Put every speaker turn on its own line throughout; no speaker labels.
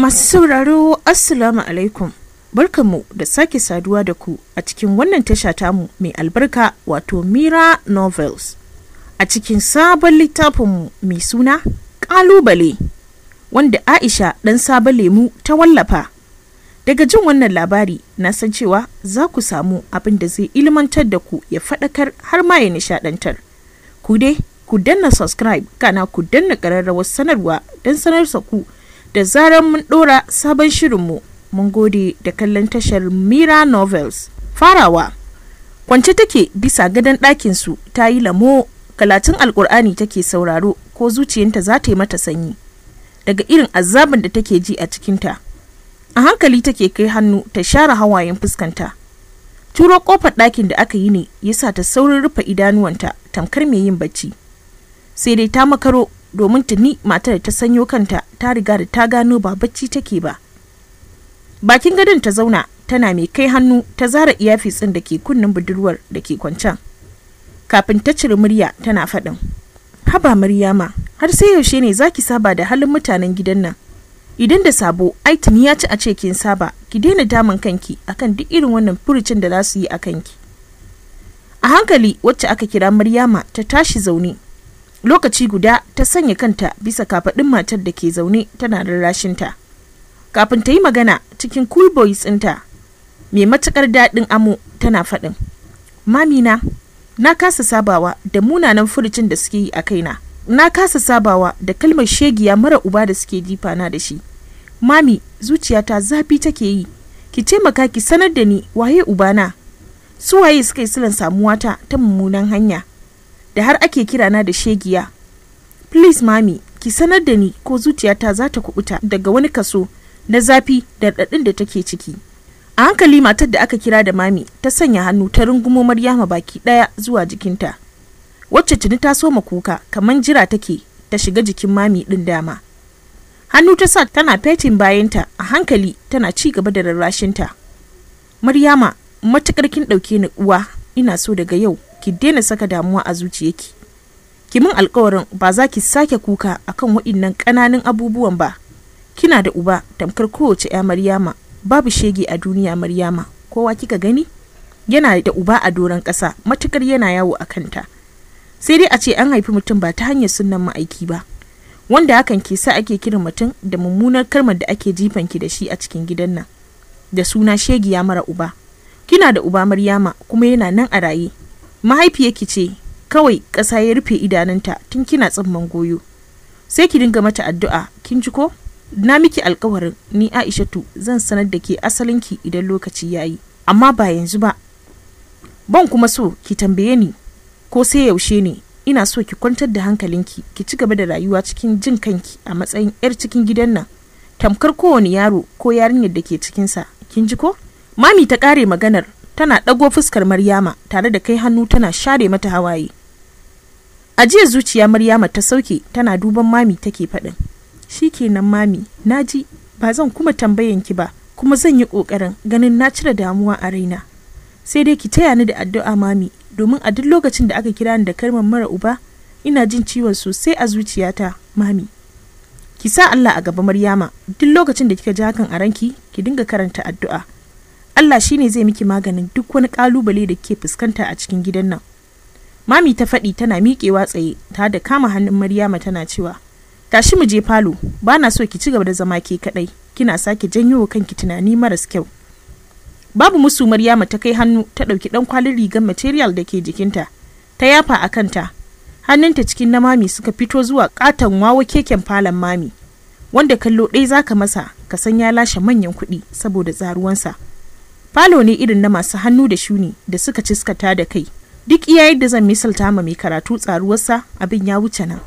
Masu sauraro Assalamu alaikum. Barkanmu da sake saduwa da ku a cikin wannan tasha tamu mai albarka wato Mira Novels. A cikin sabon littafinmu mai suna kalubale wanda Aisha ɗan sabon lemu ta wallafa. Daga jin wannan labari na san cewa za ku samu abin da zai ilmantar da ku ya faɗakar har ma ya nishaɗantar. Ku dai ku danna subscribe kana ku danna ƙararrawar sanarwa don sanar ku. da zarar mun ɗora sabon shirinmu mun gode da kallon tashar mira novels farawa kwance take bisa gadon ɗakinsu ta yi lamo kalatun alkur'ani take sauraro ko zuciyanta za ta yi mata sanyi daga irin azabin da take ji a cikinta a hankali take kai hannu ta share hawayen fuskanta turo kofar ɗakin da aka yi ne ya sa ta saurin rufe idanuwanta tamkar mai yin bacci sai dai ta makaro domin tuni matar ta sanyo kanta ta riga da ta gano ba bacci take ba bakin gadon ta zauna tana mai kai hannu ta zara iyafis ɗin da ke kunnen budurwar da ke kwancan kafin ta cire murya tana faɗin haba maryama har sai yaushe ne za ki saba da halin mutanen gidan nan idan da sabo ai ya ci a ce kin saba ki daina damun kanki akan duk irin wannan furucin da za su yi a kanki a hankali wacce aka kira maryama ta tashi zaune lokaci guda ta sanya kanta bisa kafaɗin matar da ke zaune tana rarrashinta kafin ta yi magana cikin cool boys ɗinta mai matuƙar daɗin amo tana faɗin mamina na kasa sabawa da munanan furucin da suke yi a kaina na kasa sabawa da kalmar shegiya mara uba da suke jifana da shi mami zuciyata zafi take yi ki taimaka ki sanar da ni waye ubana su waye suka yi silan samuwata ta mummunan hanya da har ake kirana da shegiya please mami ki sanar da ni ko zuciyata za ta kubuta daga wani kaso na zafi da raɗaɗin da take ciki a hankali matar da aka kira da mami ta sanya hannu ta rungumo maryama baki ɗaya zuwa jikinta wacce tuni ta soma kuka kamar jira take ta shiga jikin mami ɗin dama hannu ta sa tana fetin bayanta a hankali tana ci gaba da rarrashinta maryama matukar kin ɗauke ni uwa ina so daga yau ki daina saka damuwa a zuciyarki ki min alkawarin ba za ki sake kuka akan waɗannan ƙananan abubuwan ba kina da uba tamkar kowace ya maryama babu shege a duniya maryama kowa kika gani yana da uba a doron ƙasa matukar yana yawo a kanta sai dai a ce an haifi mutum ba ta hanyar sunan ma'aiki ba wanda hakan ke sa ake kiran mutum da mummunar kalmar da ake jifan ki da shi a cikin gidan nan da suna shegiya mara uba kina da uba maryama kuma yana nan a raye mahaifiyarki ce kawai ƙasa ya rufe idanunta tun kina tsamman goyo sai ki dinga mata addu'a kin ji ko na miki alƙawarin ni aishatu zan sanar da ke asalinki idan lokaci ya yi amma ba yanzu ba ban kuma so ki tambaye ni ko sai yaushe ne ina so ki kwantar da hankalinki ki ci gaba da rayuwa cikin jin kanki a matsayin 'yar cikin gidan nan tamkar kowane yaro ko yarinyar da ke cikinsa kin ji ko mami ta ƙare maganar tana ɗago fuskar Maryama tare da kai hannu tana share mata hawaye. A jiya zuciya Maryama ta sauke tana duban mami take faɗin. Shi kenan mami, na ji ba zan kuma tambayan ki ba, kuma zan yi ƙoƙarin ganin na cire damuwa a raina. Sai dai ki taya ni da addu'a mami, domin a duk lokacin da aka kira ni da kalmar mara uba, ina jin ciwon sosai a zuciyata, mami. Ki sa Allah a gaba Maryama, duk lokacin da kika ji hakan a ranki, ki dinga karanta addu'a. Allah shine zai miki maganin duk wani kalubale da ke fuskanta a cikin gidan nan. Mami ta faɗi tana miƙewa tsaye ta da kama hannun Maryama tana cewa, Tashi mu je falo, bana so ki ci gaba da zama ke kaɗai, kina sake janyo wa kanki tunani maras kyau. Babu musu Maryama ta kai hannu ta ɗauki ɗan kwalin rigar material da ke jikinta, ta yafa a kanta, hannunta cikin na mami suka fito zuwa katon wawo keken falon mami, wanda kallo ɗaya zaka masa ka san ya lashe manyan kuɗi saboda tsaruwansa. falo ne irin na masu hannu da shuni da suka ciskata da kai duk iya yadda zan misalta ma mai karatu tsaruwarsa abin ya wuce nan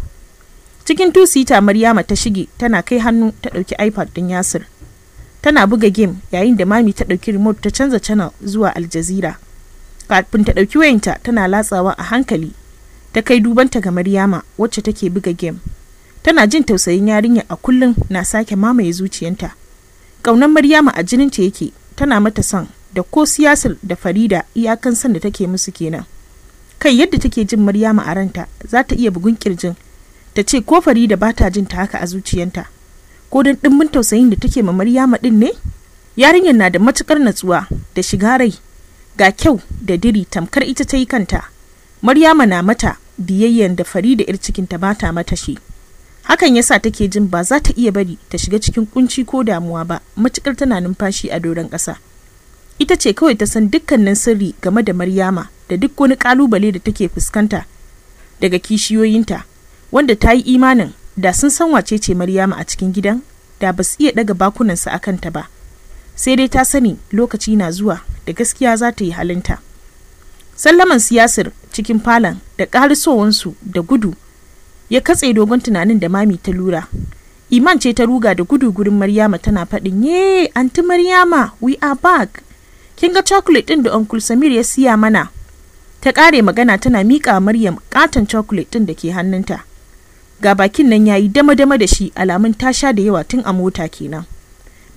cikin tusita maryama ta shige tana kai hannu ta ɗauki ipad din yasir tana buga game yayin da mami ta ɗauki remote ta canza channel zuwa aljazira kafin ta ɗauki wayanta tana latsawa a hankali ta kai dubanta ga maryama wacce take buga game tana jin tausayin yarinya a kullum na sake mamaye zuciyanta ƙaunar maryama a jininta yake tana mata son da ko siyasar da farida iyakan son da take musu kenan kai yadda take jin maryama a ranta za ta iya bugun kirjin ta ce ko farida ba ta jin ta haka a zuciyanta ko don ɗimbin tausayin da take ma maryama ɗin ne yarinyar na da matukar natsuwa da shiga rai ga kyau da diri tamkar ita ta yi kanta maryama na mata biyayyen da farida 'yar cikinta ba ta mata shi hakan ya yasa take jin ba za ta iya bari ta shiga cikin kunci ko damuwa ba matukar tana numfashi a doron ƙasa ita ce kawai ta san dukkanin sirri game da maryama da duk wani kalubale da take fuskanta daga kishiyoyinta wanda ta yi imanin da sun san wace ce maryama a cikin gidan da ba su iya daga bakunansu a kanta ba sai dai ta sani lokaci na zuwa da gaskiya za ta yi halinta sallaman siyasar cikin falon da ƙarisowansu da gudu ya katse dogon tunanin da mami ta lura iman ce ta ruga da gudu gurin maryama tana faɗin ye anti maryama we are back kin ga chocolate din da uncle samir ya siya mana ta ƙare magana tana miƙa maryam katon chocolate din da ke hannunta ga bakin nan yayi dama-dama da shi alamun ta sha da yawa tun a mota kenan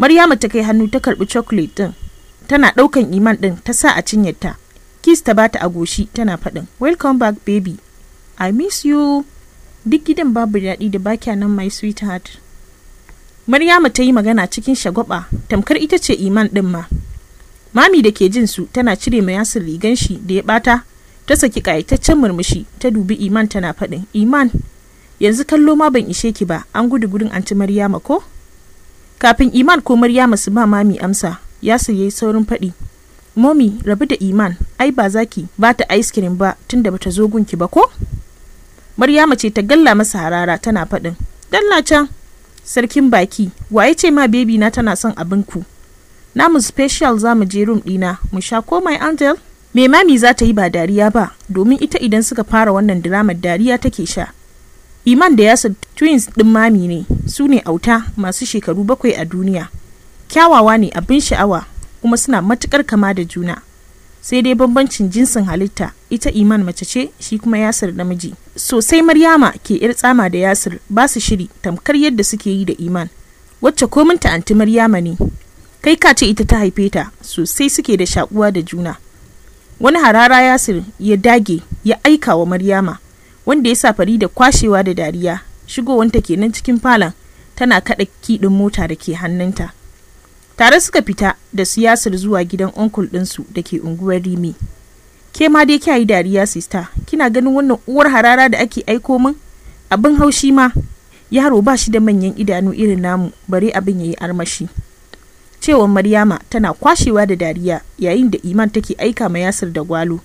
maryama ta kai hannu ta karɓi chocolate din tana ɗaukan iman din ta sa a cinyarta kis ta bata a goshi tana faɗin welcome back baby i miss you duk gidan babu daɗi da bakya nan mai sweetheart maryama ta yi magana cikin shagwaba tamkar ita ce iman ɗin ma mami da ke jin su tana cire ma yasir rigan shi da ya ɓata ta saki ƙayataccen murmushi ta dubi iman tana faɗin iman yanzu kallo ma ban ishe ki ba an gudu gurin anti maryama ko kafin iman ko maryama su ba mami amsa yasir yayi saurin faɗi momi rabu da iman ai ba za ki ba ta ice cream ba tunda bata zo gunki ba ko Maryama ce ta galla masa harara tana faɗin. Dalla can sarkin baki waye ce ma bebi na tana son abinku. ku. Namu special za mu je room ɗina mu sha ko komai angel. Me mami za ta yi ba dariya ba domin ita idan suka fara wannan diramar dariya take sha. Iman da Yasir twins ɗin mami ne su ne auta masu shekaru bakwai a duniya. Kyawawa ne abin sha'awa kuma suna matukar kama da juna. sai dai bambancin jinsin halitta ita iman mace ce shi kuma yasir namiji sosai maryama ke yar tsama da yasir ba su shiri tamkar yadda suke yi da iman wacce komin ta anti maryama ne kai ka ce ita ta haife ta sosai suke da shakuwa da juna wani harara yasir ya dage ya aika wa maryama wanda ya sa da kwashewa da dariya shigowanta kenan cikin falon tana kaɗa kiɗin mota da ke hannunta tare suka fita da siyasar zuwa gidan onkul ɗinsu da ke unguwar rimi ke ma dai kyayi yi dariya sista kina ganin wannan uwar harara da ake aiko min abin haushi ma yaro ba shi da manyan idanu irin namu bare abin ya yi armashi cewa maryama tana kwashewa da dariya yayin da iman take aika ma yasir da gwalo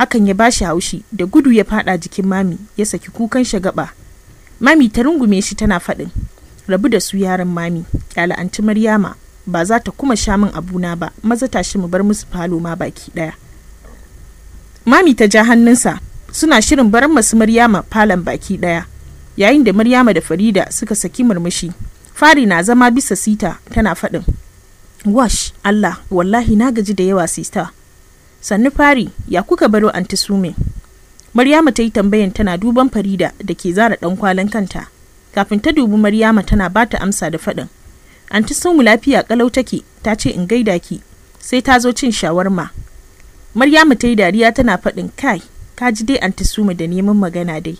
hakan ya bashi haushi da gudu ya fada jikin mami ya saki kukan shagaba mami ta rungume shi tana faɗin rabu da su yaran mami ya la'anci maryama ba za ta kuma sha min abuna ba maza ta shi mu bar musu falo ma baki ɗaya mami ta ja hannunsa suna shirin bar masu maryama falon baki ɗaya yayin da maryama da farida suka saki murmushi fari na zama bisa sita tana faɗin wash allah wallahi na gaji da yawa sista sannu fari ya kuka baro anti sume maryama ta yi tambayan tana duban farida da ke zara ɗan kwalin kanta kafin ta dubi maryama tana ba ta amsa da faɗin anti lafiya kalau take ta ce in gaida ki sai ta zo cin shawarma maryamu ta yi dariya tana faɗin kai ka ji dai anti sumu da neman magana dai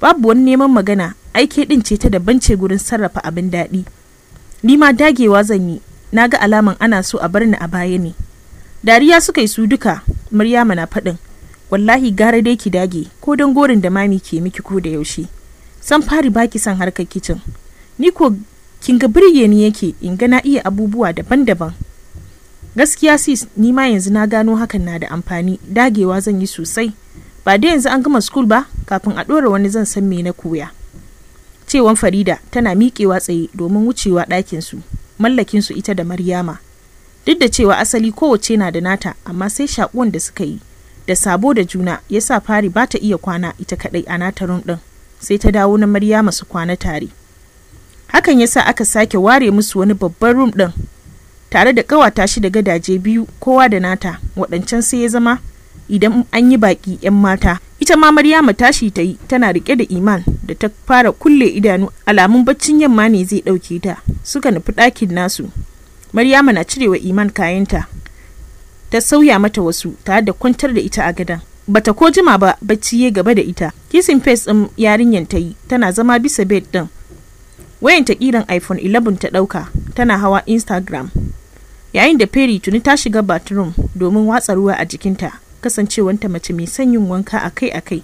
babu wani neman magana aike din ce ta daban ce gurin sarrafa abin daɗi ni ma dagewa zan yi na ga alaman ana so a bar ni a baya ne dariya suka yi su duka maryama na faɗin wallahi gara dai ki dage ko don gorin da mami ke miki ko da yaushe san fari baki san harkar kicin ni ko kin ga birge ni yake in ga na iya abubuwa daban-daban gaskiya sis ni ma yanzu na gano hakan na da amfani dagewa zan yi sosai ba da yanzu an gama school ba kafin a ɗora wani zan san me na koya cewan farida tana miƙewa tsaye domin wucewa ɗakin su mallakin su ita da maryama duk da cewa asali kowace na da nata amma sai shakuwan da suka yi da sabo da juna ya sa fari ba ta iya kwana ita kaɗai a nata ɗin sai ta dawo na maryama su kwana tare hakan yasa aka sake ware musu wani babban rum ɗin tare da ƙawata shi da gadaje biyu kowa da nata waɗancan sai ya zama idan an yi baƙi 'yan mata ita ma maryama tashi ta yi tana riƙe da iman da ta fara kulle idanu alamun baccin yamma ne zai ɗauke ta suka nufi ɗakin nasu maryama na cirewa iman kayanta ta sauya mata wasu tare da kwantar da ita a gadan bata ko jima ba bacci ya gaba da ita kisin fes ɗin yarinyar ta yi tana zama bisa bed ɗin wayan ta kiran iphone 11 ta dauka tana hawa instagram yayin da perry tuni ta shiga bathroom domin watsa ruwa a jikinta kasancewanta mace mai son yin wanka akai-akai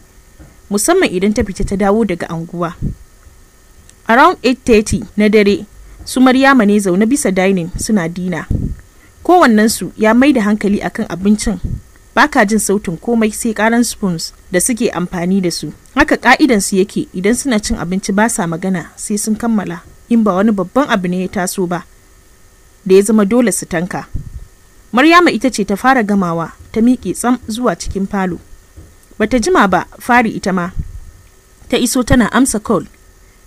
musamman idan ta fita ta dawo daga anguwa around 8:30 na dare su maryama ne zaune bisa dining suna dina su ya mai da hankali akan abincin baka jin sautin komai sai karan spoons da suke amfani da su haka ka'idansu yake idan suna cin abinci ba sa magana sai sun kammala in ba wani babban abu ne ya taso ba da ya zama dole su tanka maryama ita ce ta fara gamawa ta miƙe tsam zuwa cikin falo bata jima ba fari ita ma ta iso tana amsa call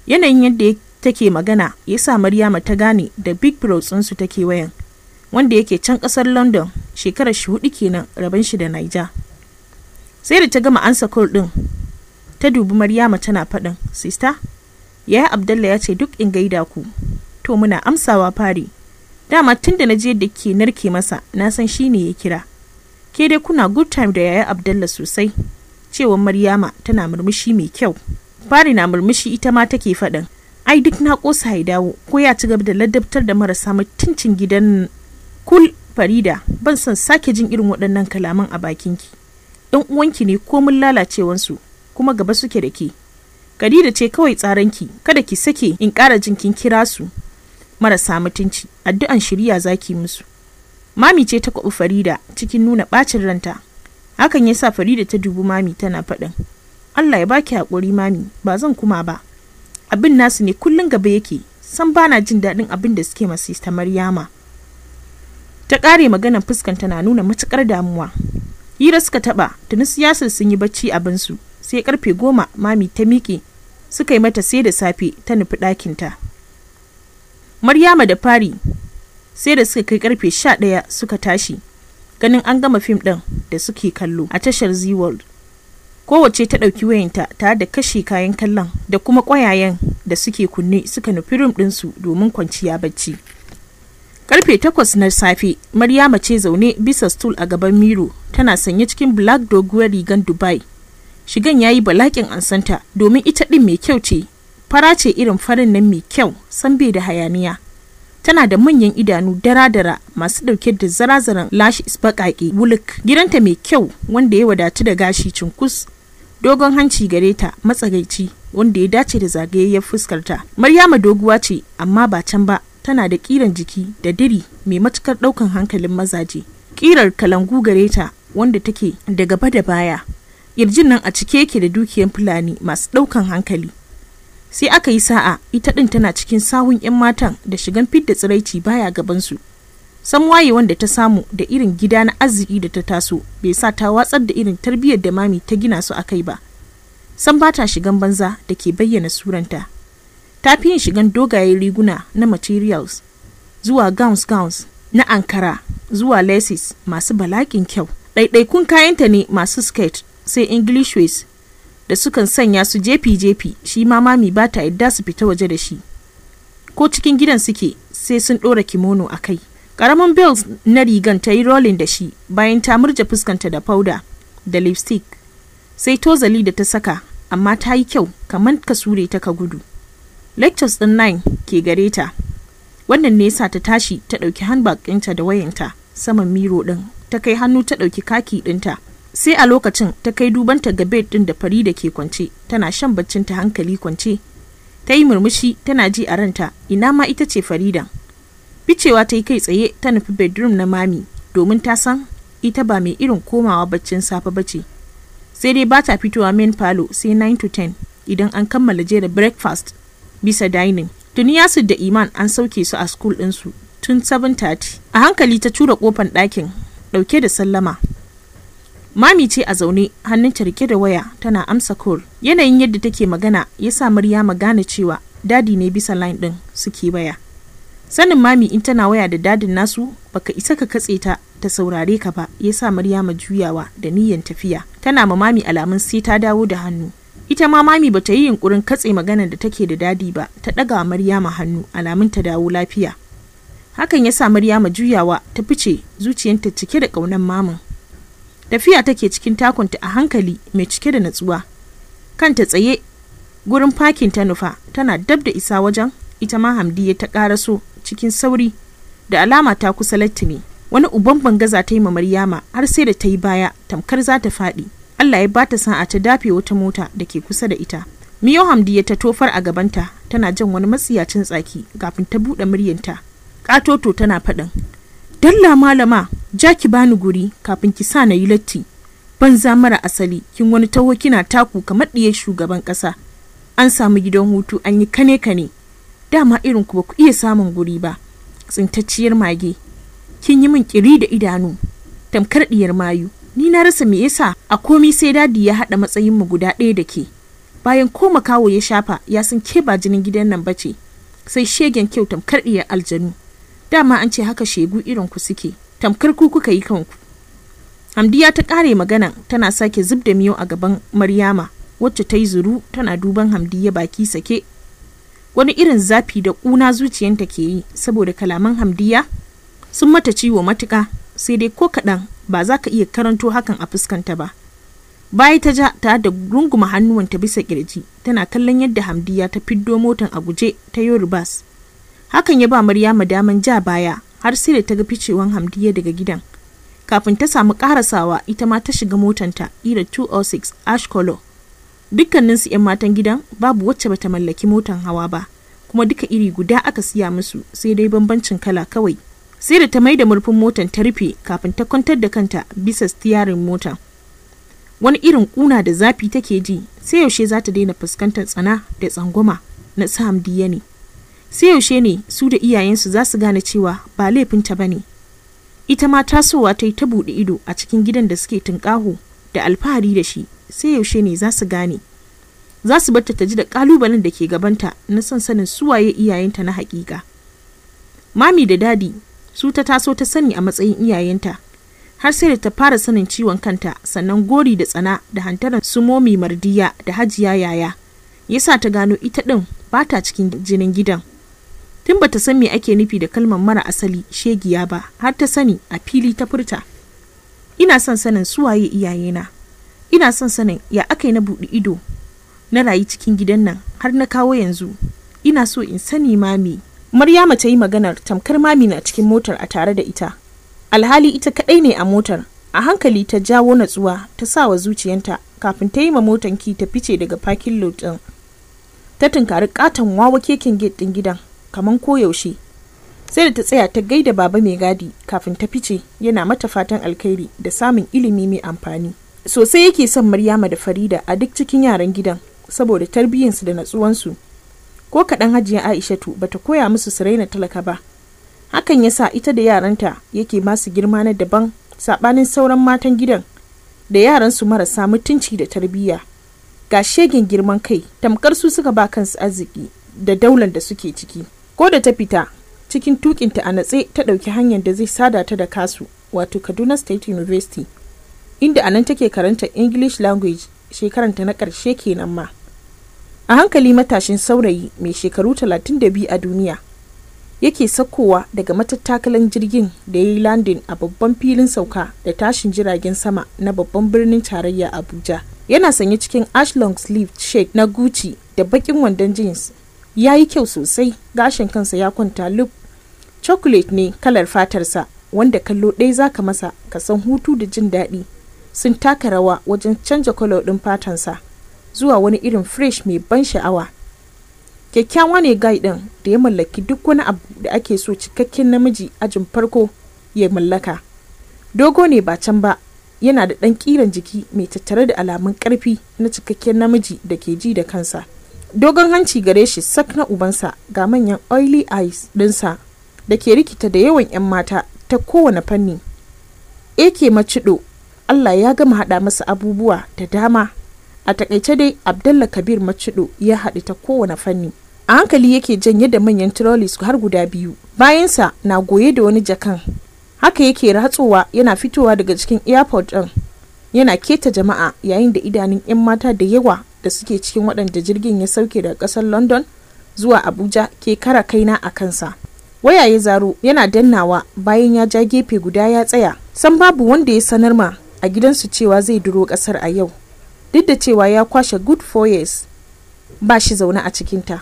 yanayin yadda take magana ya sa maryama ta gane da big bro ta take wayan wanda yake can ƙasar london shekarar shi hudu kenan rabon shi da niger sai da ta gama amsa call ɗin ta dubi Maryama tana faɗin, "Sista, yaya Abdalla ya ce duk in gaida ku." To muna amsawa fari. Dama tun da na je da ke narke masa, na san shi ne ya kira. Ke dai kuna good time da yaya Abdalla sosai. Cewa Maryama tana murmushi mai kyau. Fari na murmushi ita ma take faɗin. Ai duk na kosa ya dawo, ko ya ci gaba da ladabtar da marasa mutuncin gidan kul Farida, ban son sake jin irin waɗannan kalaman a bakinki. ‘Yan uwanki ne ko mun lalacewansu, kuma gaba suke da ke Khadija ce kawai tsaranki kada ki sake in ƙara jin kira su marasa mutunci addu'an shirya zaki musu mami ce ta kwaɓi farida cikin nuna ɓacin ranta hakan yasa farida ta dubi mami tana faɗin allah ya baki haƙuri mami ba zan kuma ba abin nasu ne kullum gaba yake san bana jin daɗin abin da suke masu ta maryama ta ƙare maganar fuskanta na nuna matuƙar damuwa hira suka taɓa tuni siyasar sun yi bacci abinsu sai karfe goma mami ta miƙe suka yi mata sai da safe ta nufi ɗakinta maryama da fari sai da suka kai karfe sha ɗaya suka tashi ganin an gama fim ɗin da suke kallo a tashar z world kowace ta ɗauki wayanta tare da kashe kayan kallon da kuma ƙwayayen da suke kunne suka nufi rum ɗinsu domin kwanciya bacci karfe takwas na safe maryama ce zaune bisa stool a gaban miro tana sanye cikin black doguwar rigan dubai shigan ya yi balakin ansanta domin ita ɗin mai kyau ce fara ce irin farin nan mai kyau san bai da hayaniya tana da manyan idanu dara-dara masu ɗauke da zarazaran lashes baƙaƙe wuluk gidanta mai kyau wanda ya wadatu da gashi cunkus dogon hanci gare ta matsagaici wanda ya dace da zagayayyar fuskarta maryama doguwa ce amma ba can ba tana da ƙiran jiki da diri mai matukar ɗaukan hankalin mazaje ƙirar kalangu gare ta wanda take da gaba da baya irjin nan a cike yake da dukiyan fulani masu ɗaukan hankali sai aka yi sa'a ita ɗin tana cikin sahun 'yan matan da shigan fidda tsiraici baya gabansu san waye wanda ta samu da irin gida na arziki da ta taso bai sa ta watsar da irin tarbiyyar da mami ta gina su a kai ba san ba ta shigan banza da ke bayyana suranta ta fi yin shigan dogaye riguna na materials zuwa gowns gowns na ankara zuwa laces masu balakin kyau ɗaiɗaikun kayanta ne masu skirt sai english ways da sukan sanya su jefi-jefi shi ma mami ba ta yadda su fita waje da shi ko cikin gidan suke sai sun ɗora kimono a kai ƙaramin bills na rigan ta yi rolling da shi bayan ta murja fuskanta da powder da lipstick sai tozali da ta saka amma ta yi kyau kamar ka sure ta ka gudu lectures ɗin nine ke gare ta wannan ne yasa ta tashi ta ɗauki handbag ɗinta da wayanta saman miro ɗin ta kai hannu ta ɗauki kaki ɗinta sai a lokacin ta kai dubanta ga bed din da farida ke kwance tana shan baccin ta hankali kwance ta yi murmushi tana ji a ranta ina ma ita ce farida ficewa ta yi kai tsaye ta nufi bedroom na mami domin ta san ita ba mai irin komawa baccin safe bace sai dai ba ta fitowa main palo sai 9 to 10 idan an kammala jera breakfast bisa dining tuni yasu da iman an sauke su a school ɗinsu tun 7:30 a hankali ta tura kofan ɗakin ɗauke da sallama Mami ce a zaune hannunta rike da waya tana amsa kur. Yanayin yadda take magana ya sa ma gane cewa dadi ne bisa line ɗin suke waya. Sanin mami in tana waya da dadin nasu baka isa ka katse ta ta saurare ka ba ya sa ma juyawa da niyyar tafiya. Tana ma mami alamun sai ta dawo da hannu. Ita ma mami ba ta yi yunkurin katse maganar da take da dadi ba ta ɗaga Maryama hannu alamun ta dawo lafiya. Hakan ya sa Maryama juyawa ta fice zuciyarta cike da ƙaunar mamin. tafiya take cikin takunta a hankali mai cike da natsuwa kanta tsaye gurin fakin ta nufa tana dab da isa wajen ita ma hamdiya ta so cikin sauri da alama ta kusa latini wani uban za ta yi ma maryama har sai da ta yi baya tamkar za ta faɗi allah ya bata a ta dafe wata mota da ke kusa da ita miyo hamdiya ta tofar a gabanta tana jan wani matsiyacin tsaki kafin ta buɗe muryanta ƙatoto tana faɗin dalla malama ja ki bani guri kafin ki sa na yi latti banza mara asali kin wani taho kina taku kamar ɗiye shugaban ƙasa an samu gidan hutu an yi kane kane dama irin ku ba ku iya samun guri ba tsintacciyar mage kin yi min kiri da idanu tamkar ɗiyar mayu ni na rasa me yasa a komi sai dadi ya haɗa matsayin mu guda ɗaya da ke bayan ko makaho ya shafa ya san ke ba jinin gidan nan bace sai shegen kyau tamkar ɗiyar aljanu dama an ce haka shegu irin ku suke tamkar ku kuka yi kanku hamdiya ta ƙare magana tana sake zub da miyo a gaban maryama wacce ta yi zuru tana duban hamdiya baki sake wani irin zafi da kuna zuciyanta ke yi saboda kalaman hamdiya sun mata ciwo matuka sai dai ko kaɗan ba za ka iya karanto hakan a fuskanta ba bayi ta ja ta da runguma hannuwanta bisa kirji tana kallon yadda hamdiya ta fiddo motan a guje ta yoruba. hakan ya ba maryama daman ja baya har sai da ta ga ficewan Hamdiya daga gidan. Kafin ta samu karasawa ita ma ta shiga motanta ira 206 ash color. Dukkaninsu 'yan matan gidan babu wacce bata mallaki motan hawa ba, kuma duka iri guda aka siya musu sai dai bambancin kala kawai. Sai da ta mai da murfin motan ta rufe kafin ta kwantar da kanta bisa stiyarin motan. Wani irin kuna da zafi take ji sai yaushe za ta daina fuskantar tsana da tsangwama na su ne. sai yaushe ne su da iyayensu za su gane cewa ba laifinta ba ne ita ma tasowa ta yi ta buɗe ido a cikin gidan da suke tunƙaho da alfahari da shi sai yaushe ne za su gane za su bata ta ji da ƙalubalen da ke gabanta na son sanin suwaye iyayenta na haƙiƙa mami da dadi su ta taso ta sani a matsayin iyayenta har sai da ta fara sanin ciwon kanta sannan gori da tsana da hantaran su momi mardiya da hajiya yaya yasa ta gano ita ɗin ba ta cikin jinin gidan tun bata san me ake nufi da kalmar mara asali shegiya ba har ta sani a fili ta furta ina son sanin suwaye iyayena ina son sanin ya aka yi na buɗe ido na rayu cikin gidan nan har na kawo yanzu ina so in sani mami maryama ta yi maganar tamkar mami na cikin motar a tare da ita alhali ita kaɗai ne a motar a hankali ta jawo natsuwa ta sa wa zuciyanta kafin ta yi ma motan ki ta fice daga parking lot ɗin ta tunkari katon wawa keken gate ɗin gidan kamar koyaushe sai da ta tsaya ta gaida baba mai gadi kafin ta fice yana mata fatan alkhairi da samun ilimi mai amfani sosai yake son maryama da farida a duk cikin yaran gidan saboda tarbiyyarsu da natsuwansu ko kaɗan hajiya aishatu bata koya musu su raina talaka ba hakan ya sa ita da yaranta yake masu girma na daban saɓanin sauran matan gidan da yaran su marasa mutunci da tarbiyya ga shegen girman kai tamkar su suka ba kansu arziki da daular da suke ciki ko da ta fita cikin tukinta a natse ta ɗauki hanyar da zai sada ta da kasu wato kaduna state university inda a nan take karanta english language shekaranta na ƙarshe kenan ma a hankali matashin saurayi mai shekaru 32 a duniya yake sakkowa daga matattakalan jirgin da ya yi landin a babban filin sauka da tashin jiragen sama na babban birnin tarayya abuja yana sanye cikin ashlong long sleeve shade na gucci da bakin wandon jeans ya yi kyau sosai gashin kansa ya kwanta lub chocolate ne kalar fatarsa wanda kallo ɗaya zaka masa ka san hutu da jin daɗi sun taka rawa wajen canja kwalo ɗin fatansa zuwa wani irin fresh mai ban sha'awa kyakkyawa ne guy ɗin da ya mallaki duk wani abu da ake so cikakken namiji ajin farko ya mallaka dogo ne ba can ba yana da ɗan ƙiran jiki mai tattare da alamun ƙarfi na cikakken namiji da ke ji da kansa dogon hanci gare shi sak na ubansa ga manyan oily eyes dinsa da ke rikita da yawan 'yan mata ta kowane fanni ake macido allah ya gama haɗa masa abubuwa da dama a takaice dai abdallah kabir macido ya haɗu ta kowane fanni a hankali yake janye da manyan trolleys har guda biyu bayansa na goye da wani jakan haka yake ratsowa yana fitowa daga cikin airport din. yana keta jama'a yayin da idanun 'yan mata da yawa da suke cikin waɗanda jirgin ya sauke daga ƙasar london zuwa abuja ke kara kaina a kansa waya ya zaro yana dannawa bayan ya ja gefe guda ya tsaya san babu wanda ya sanar ma a gidansu cewa zai duro ƙasar a yau duk da cewa ya kwashe good four years ba shi zaune a cikinta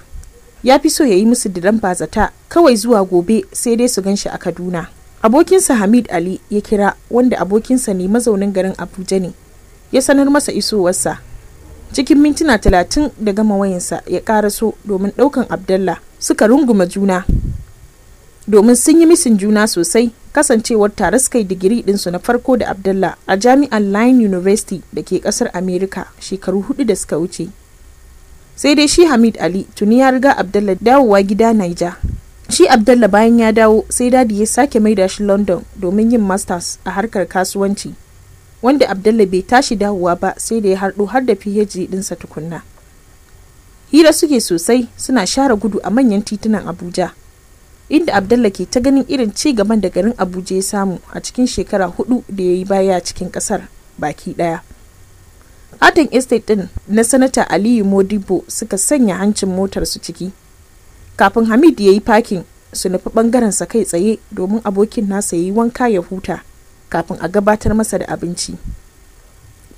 ya fi so ya yi musu diran bazata kawai zuwa gobe sai dai su gan shi a kaduna abokinsa hamid ali ya kira wanda abokinsa ne mazaunin garin abuja ne ya sanar masa isowarsa cikin mintuna talatin da gama wayansa ya karaso domin ɗaukan abdallah suka runguma juna domin sun yi misin juna sosai kasancewar tare suka yi digiri ɗinsu na farko da abdallah a jami'an line university da ke ƙasar america shekaru hudu da suka wuce sai dai shi hamid ali tuni ya riga abdallah dawowa gida naija shi abdallah bayan ya dawo sai dadi ya sake maida shi london domin yin masters a harkar kasuwanci wanda abdalla bai tashi dawowa ba sai da ya harɗo har da phd ɗinsa tukunna hira suke sosai suna share gudu a manyan titunan abuja inda abdalla ke ta ganin irin ci gaban da garin abuja ya samu a cikin shekara hudu da ya yi baya cikin kasar baki daya katon estate din na sanata aliyu modibo suka sanya hancin motar su ciki kafin hamid ya yi fakin su nufi bangaren sa kai tsaye domin abokin nasa ya yi wanka ya huta kafin a gabatar masa da abinci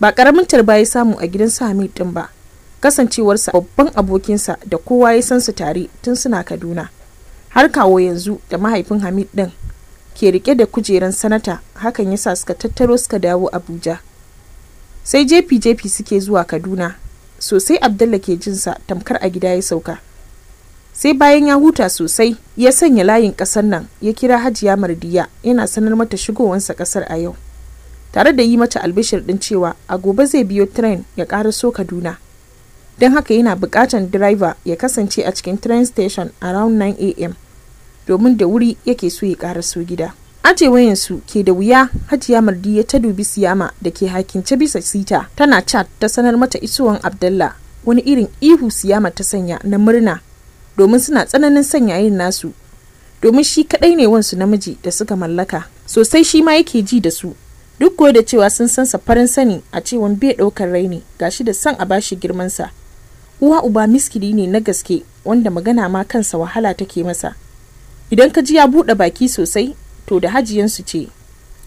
ba ƙaramin tarba ya samu a gidan su hamid ba kasancewarsa babban abokinsa da kowa ya san su tare tun suna kaduna har kawo yanzu da mahaifin hamid ɗin ke rike da kujeran sanata hakan ya sa suka tattaro suka dawo abuja sai jefi-jefi suke zuwa kaduna sosai abdalla ke jinsa tamkar a gida ya sauka sai bayan ya huta sosai ya sanya layin ƙasar nan ya kira hajiya mardiya yana sanar mata shigowansa kasar a yau tare da yi mata albishir din cewa a gobe zai biyo tren ya so kaduna don haka yana bukatan driver ya kasance a cikin train station around 9 a.m. domin da wuri yake so ya so gida wayansu ke da wuya hajiya mardi ya ta dubi siyama da ke hakince bisa sita tana chat ta sanar mata isowan abdallah wani irin ihu siyama ta sanya na murna domin suna tsananin son yayin nasu domin shi kaɗai ne wansu namiji da suka mallaka sosai shi ma yake ji da su duk da cewa sun san sa farin sani a cewan bai ɗaukar raini gashi da san a bashi girmansa uwa uba miskili ne na gaske wanda magana ma kansa wahala take masa idan ka ji ya buɗe baki sosai to da hajiyan su ce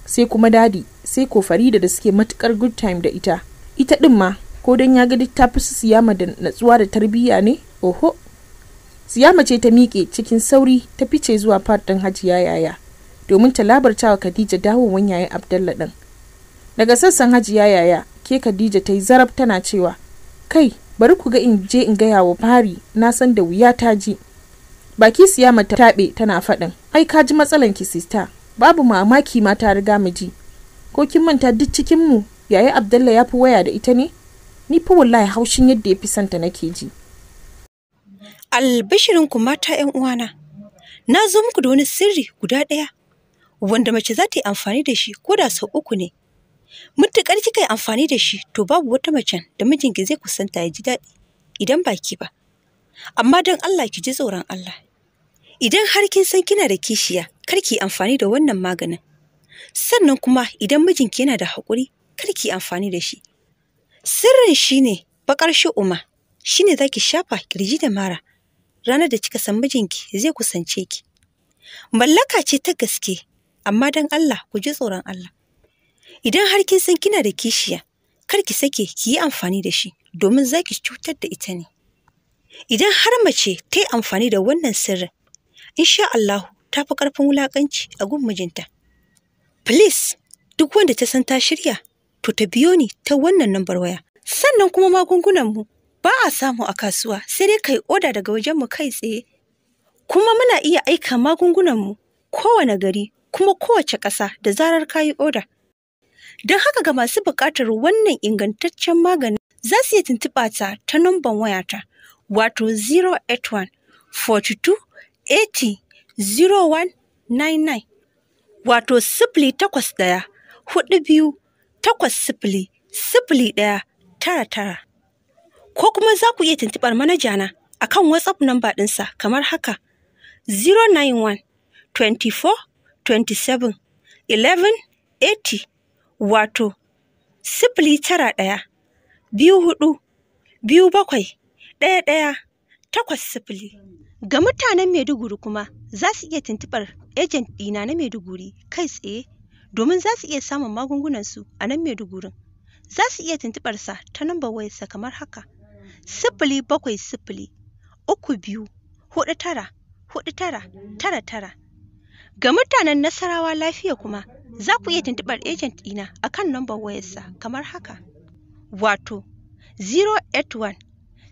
sai kuma dadi sai ko farida da suke matukar good time da ita ita ɗin ma ko don ya ga duk ta fi su siyama da natsuwa da tarbiyya ne oho siyama ce ta miƙe cikin sauri ta fice zuwa fadin hajiya yaya domin ta labarta wa khadija dawowan yayin abdalla ɗin daga sassan hajiya yaya ke khadija ta yi zarab tana cewa kai bari ku ga in je in gaya wa fari na san da wuya ta ji baki siyama ta taɓe tana faɗin ai ka ji matsalan ki sista babu mamaki ma ta riga mu ji ko kin manta duk cikin mu yayi abdalla ya fi waya da ita ne ni fa wallahi haushin yadda ya fi santa nake ji
Albishirinku
mata ‘yan uwana, na zo muku da wani sirri guda
ɗaya wanda mace za ta yi amfani da shi ko da sau uku ne. Mutuƙar kika yi amfani da shi to babu wata macen da mijinki zai kusanta ya ji daɗi idan ba ki ba. Amma don Allah ki ji tsoron Allah. Idan har kin san kina da kishiya, kar ki amfani da wannan maganin. Sannan kuma idan mijinki yana da haƙuri, kar ki amfani da shi. Sirrin shi shine baƙar shi'uma za zaki shafa kirji da mara ranar da kika san mijinki zai kusance ki. Mallaka ce ta gaske, amma don Allah ku ji tsoron Allah. Idan har kin san kina da kishiya, kar ki sake ki yi amfani da shi domin za ki cutar da ita ne. Idan har mace ta yi amfani da wannan sirrin, insha Allah ta fi ƙarfin wulaƙanci a gun mijinta. Please, duk wanda ta san ta shirya, to ta biyo ni ta wannan lambar waya. Sannan kuma magungunanmu ba a samu a kasuwa sai dai kai oda daga wajenmu kai tsaye. Kuma muna iya aika magungunanmu kowane gari kuma kowace ƙasa da zarar kayi oda. Don haka ga masu buƙatar wannan ingantaccen magani za su iya tuntuɓa ta ta numban wayata wato 081 42 80 0199 wato sifili takwas ɗaya hudu biyu takwas sifili sifili ɗaya tara tara. ko kuma za ku iya tuntuɓar manaja na akan WhatsApp namba ɗinsa kamar haka 091 24 27 11 80 wato sifili tara ɗaya biyu hudu biyu bakwai ɗaya ɗaya takwas sifili. Ga mutanen Maiduguri kuma za su iya tuntuɓar ejent ɗina na Maiduguri kai tsaye domin za su iya samun magungunansu a nan Maidugurin. Za su iya tuntuɓarsa ta nambar wayarsa kamar haka sifili bakwai sifili uku biyu hudu tara hudu tara tara tara. Ga mutanen Nasarawa lafiya kuma za ku iya tuntuɓar agent ɗina a kan nambar wayarsa kamar haka. Wato 081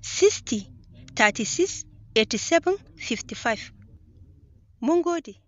60 36 87 55. Mun gode.